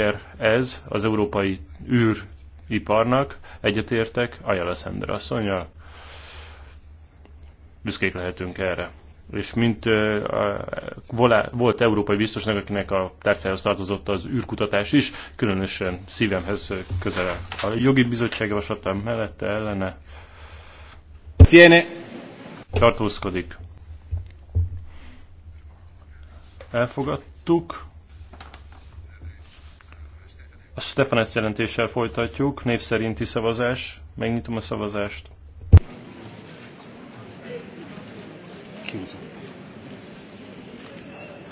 siker ez az európai űriparnak. Egyetértek Ajala Szender asszonyjal. Büszkék lehetünk erre. És mint volt európai biztosnak, akinek a tárcához tartozott az űrkutatás is, különösen szívemhez közel. A jogi bizottság javaslata mellette ellene Sziene. tartózkodik. Elfogadtuk. A Stefanes jelentéssel folytatjuk, név szerinti szavazás. Megnyitom a szavazást.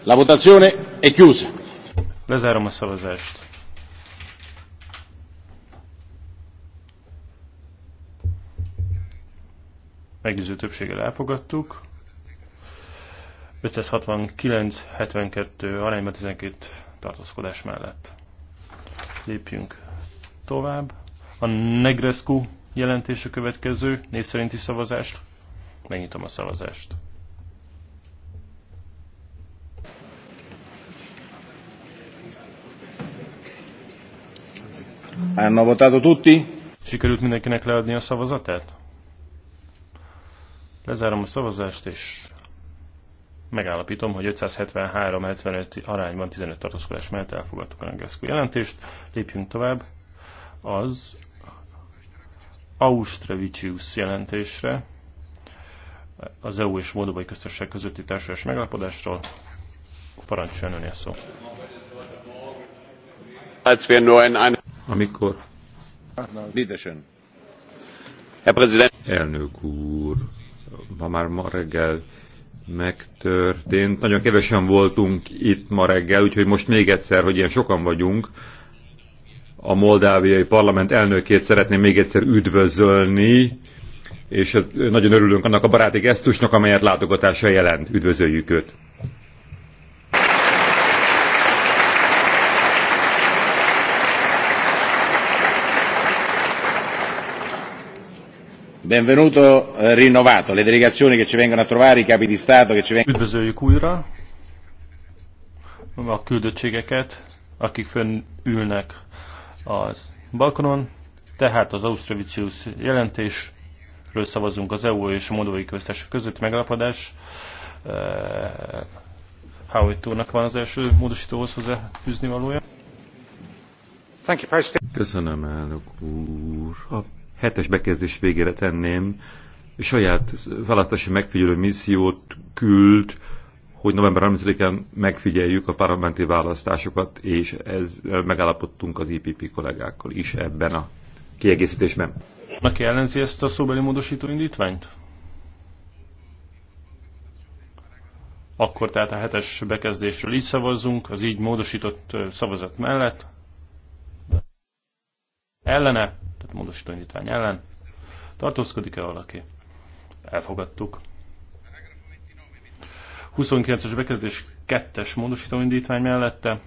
La votazione è chiusa. Lezárom a szavazást. Meggyőző többséggel elfogadtuk. 569-72 arányban 12 tartózkodás mellett. Lépjünk tovább. A Negrescu jelentés a következő név szerinti szavazást. Megnyitom a szavazást. Hanno votato tutti? Sikerült mindenkinek leadni a szavazatát? Lezárom a szavazást, és megállapítom, hogy 573-75 arányban 15 tartózkodás mellett elfogadtuk a Negrescu jelentést. Lépjünk tovább. Az austravicius jelentésre, az EU és Moldovai Köztesség közötti társadalmas megállapodásról. Parancsoljon önél szó. Amikor... Herr Präsident! Elnök úr, ma már ma reggel megtörtént. Nagyon kevesen voltunk itt ma reggel, úgyhogy most még egyszer, hogy ilyen sokan vagyunk, a moldáviai parlament elnökét szeretném még egyszer üdvözölni, és nagyon örülünk annak a baráti gesztusnak, amelyet látogatása jelent. Üdvözöljük őt! Benvenuto eh, rinnovato le delegazioni che ci vengono a trovare, i capi di Stato che ci vengono. Üdvözöljük újra a küldöttségeket, akik fönn ülnek a balkonon, tehát az Austrovicius jelentésről szavazunk az EU és a Moldovai Köztársaság között megalapodás eh, Howitt van az első módosítóhoz hozzá fűzni valója. Köszönöm, elnök úr. A hetes bekezdés végére tenném, saját választási megfigyelő missziót küld, hogy november 30-án megfigyeljük a parlamenti választásokat, és ez megállapodtunk az IPP kollégákkal is ebben a kiegészítésben. Neki ellenzi ezt a szóbeli módosító indítványt? Akkor tehát a hetes bekezdésről így szavazzunk, az így módosított szavazat mellett ellene, tehát módosító indítvány ellen. Tartózkodik-e valaki? Elfogadtuk. 29-es bekezdés 2-es módosító indítvány mellette.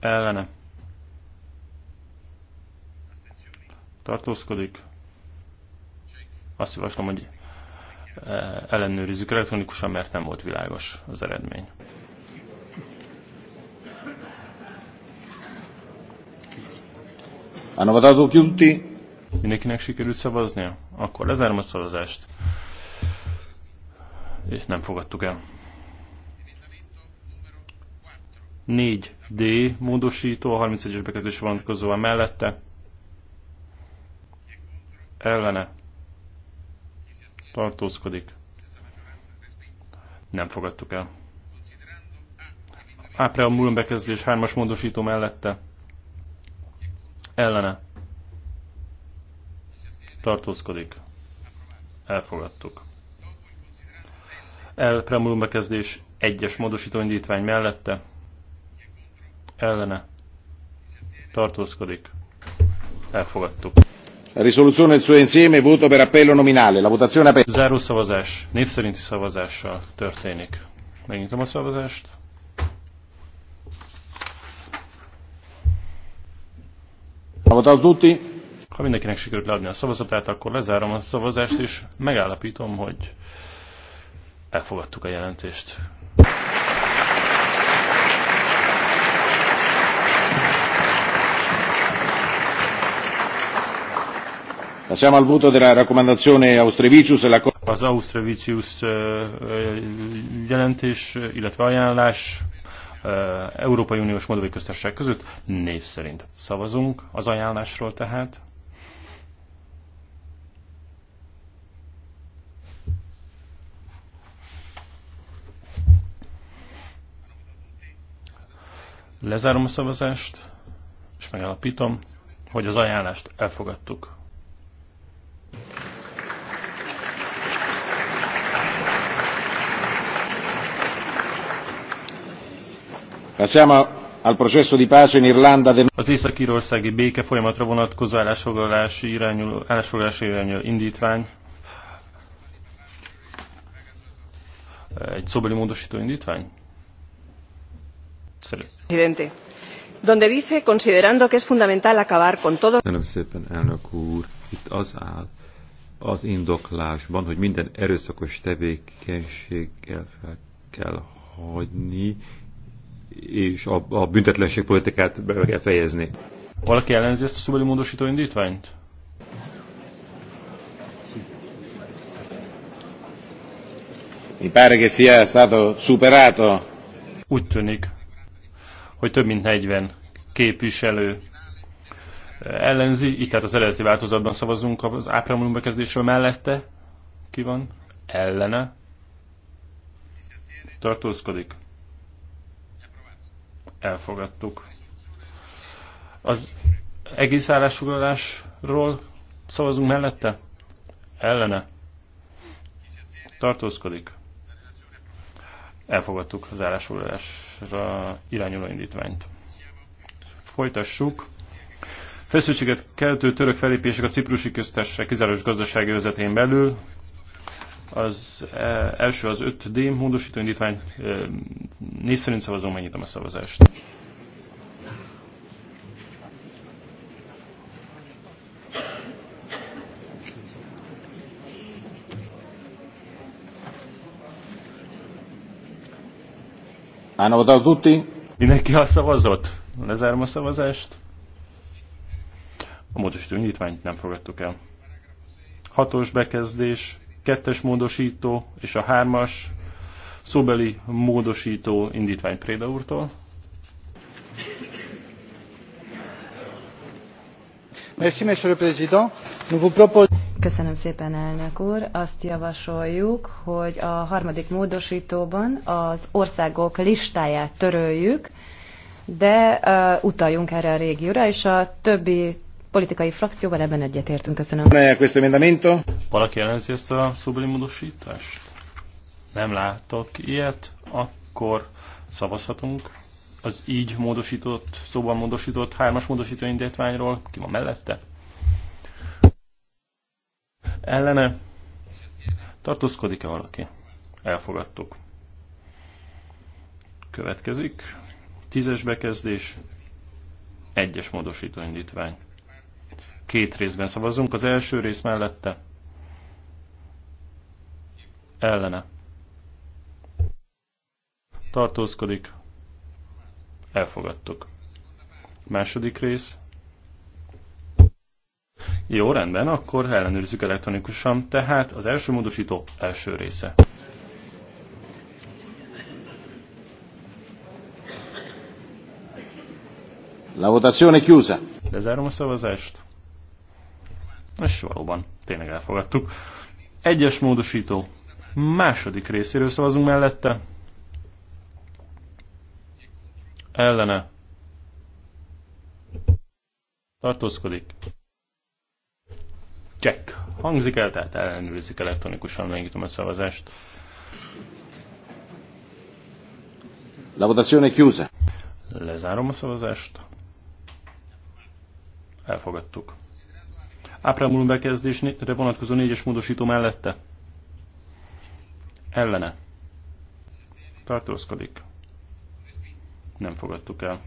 Ellene. Tartózkodik. Azt javaslom, hogy eh, ellenőrizzük elektronikusan, mert nem volt világos az eredmény. Mindenkinek sikerült szavaznia? Akkor lezárom a szavazást. És nem fogadtuk el. 4D módosító, a 31-es bekezdés vonatkozóan mellette. Ellene. Tartózkodik. Nem fogadtuk el. A preambulum bekezdés 3-as módosító mellette ellene tartózkodik. Elfogadtuk. El preambulum bekezdés egyes módosító indítvány mellette ellene tartózkodik. Elfogadtuk. A risoluzione nel suo insieme voto per appello nominale. La votazione aperta. Záró szavazás, név szerinti szavazással történik. Megnyitom a szavazást. Ha mindenkinek sikerült leadni a szavazatát, akkor lezárom a szavazást, és megállapítom, hogy elfogadtuk a jelentést. Passiamo al voto della raccomandazione Austrevicius e la Az Austrevicius eh, eh, jelentés, illetve ajánlás Európai Uniós Moldovai Köztársaság között. Név szerint szavazunk az ajánlásról tehát. Lezárom a szavazást, és megállapítom, hogy az ajánlást elfogadtuk. Az észak-írországi béke folyamatra vonatkozó állásfoglalási irányuló, állásfoglalási irányuló indítvány. Egy szobeli módosító indítvány? Presidente. Donde dice, considerando que es fundamental acabar con todo... Köszönöm szépen, elnök úr. Itt az áll az indoklásban, hogy minden erőszakos tevékenységgel fel kell hagyni, és a, a büntetlenség politikát be kell fejezni. Valaki ellenzi ezt a szóbeli módosító indítványt? Mi pare che sia stato superato. Úgy tűnik, hogy több mint 40 képviselő ellenzi, így tehát az eredeti változatban szavazunk az ápremulum bekezdésről mellette. Ki van? Ellene. Tartózkodik elfogadtuk. Az egész állásfoglalásról szavazunk mellette? Ellene? Tartózkodik? Elfogadtuk az állásfoglalásra irányuló indítványt. Folytassuk. Feszültséget keltő török felépések a ciprusi köztársaság kizáros gazdasági vezetén belül az e, első az 5D módosító indítvány. E, név szerint szavazom, megnyitom a szavazást. Hanno Daduti. Mindenki a szavazott? Lezárom a szavazást. A módosító indítványt nem fogadtuk el. Hatos bekezdés kettes módosító és a hármas szóbeli módosító indítvány Préda úrtól. Köszönöm szépen, elnök úr. Azt javasoljuk, hogy a harmadik módosítóban az országok listáját töröljük, de uh, utaljunk erre a régióra, és a többi politikai frakcióval ebben egyetértünk. Köszönöm. Valaki ellenzi ezt a szublimodosítást? Nem látok ilyet, akkor szavazhatunk az így módosított, szóban módosított hármas módosító indítványról. Ki van mellette? Ellene tartózkodik-e valaki? Elfogadtuk. Következik. Tízes bekezdés, egyes módosító indítvány. Két részben szavazunk. Az első rész mellette. Ellene. Tartózkodik. Elfogadtuk. Második rész. Jó, rendben, akkor ellenőrizzük elektronikusan, tehát az első módosító első része. La votazione chiusa. Lezárom a szavazást. És valóban, tényleg elfogadtuk. Egyes módosító második részéről szavazunk mellette. Ellene. Tartózkodik. Check. Hangzik el, tehát ellenőrizzük elektronikusan, megnyitom a szavazást. La votazione chiusa. Lezárom a szavazást. Elfogadtuk. Áprámulum bekezdésre vonatkozó négyes módosító mellette. Ellene. Tartózkodik. Nem fogadtuk el.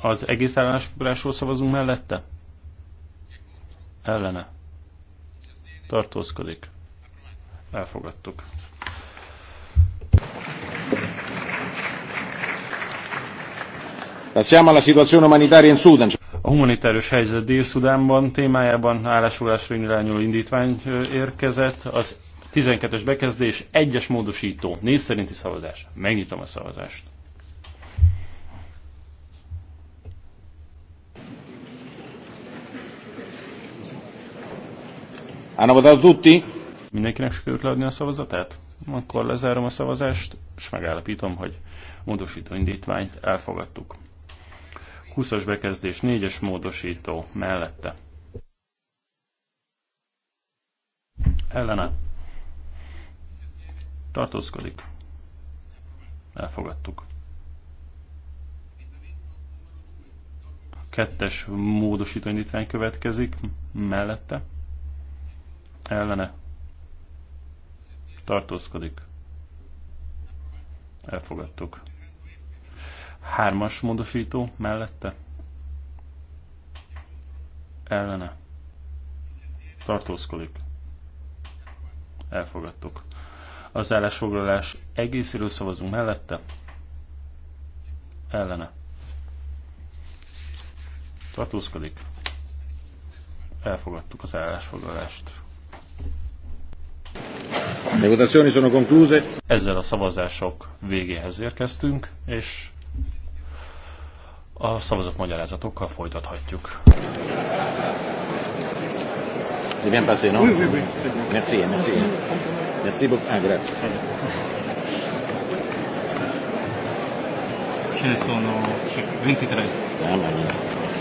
Az egész állásfoglásról szavazunk mellette? Ellene. Tartózkodik. Elfogadtuk. Passiamo alla situazione umanitaria in Sudan. A humanitárius helyzet Dél-Szudánban témájában állásolásra irányuló indítvány érkezett. Az 12-es bekezdés, egyes módosító, név szerinti szavazás. Megnyitom a szavazást. Hanno tutti? Mindenkinek sikerült leadni a szavazatát? Akkor lezárom a szavazást, és megállapítom, hogy módosító indítványt elfogadtuk. 20-as bekezdés, 4-es módosító mellette. Ellene. Tartózkodik. Elfogadtuk. A kettes módosító indítvány következik mellette. Ellene. Tartózkodik. Elfogadtuk. Hármas módosító mellette. Ellene. Tartózkodik. Elfogadtuk. Az állásfoglalás egészéről szavazunk mellette. Ellene. Tartózkodik. Elfogadtuk az állásfoglalást. Ezzel a szavazások végéhez érkeztünk, és a szavazott magyarázatokkal folytathatjuk. C'est bien passé, non Oui, oui, oui. Merci, merci. Merci beaucoup. Ah, grazie. Ce ne sono 23. Ah,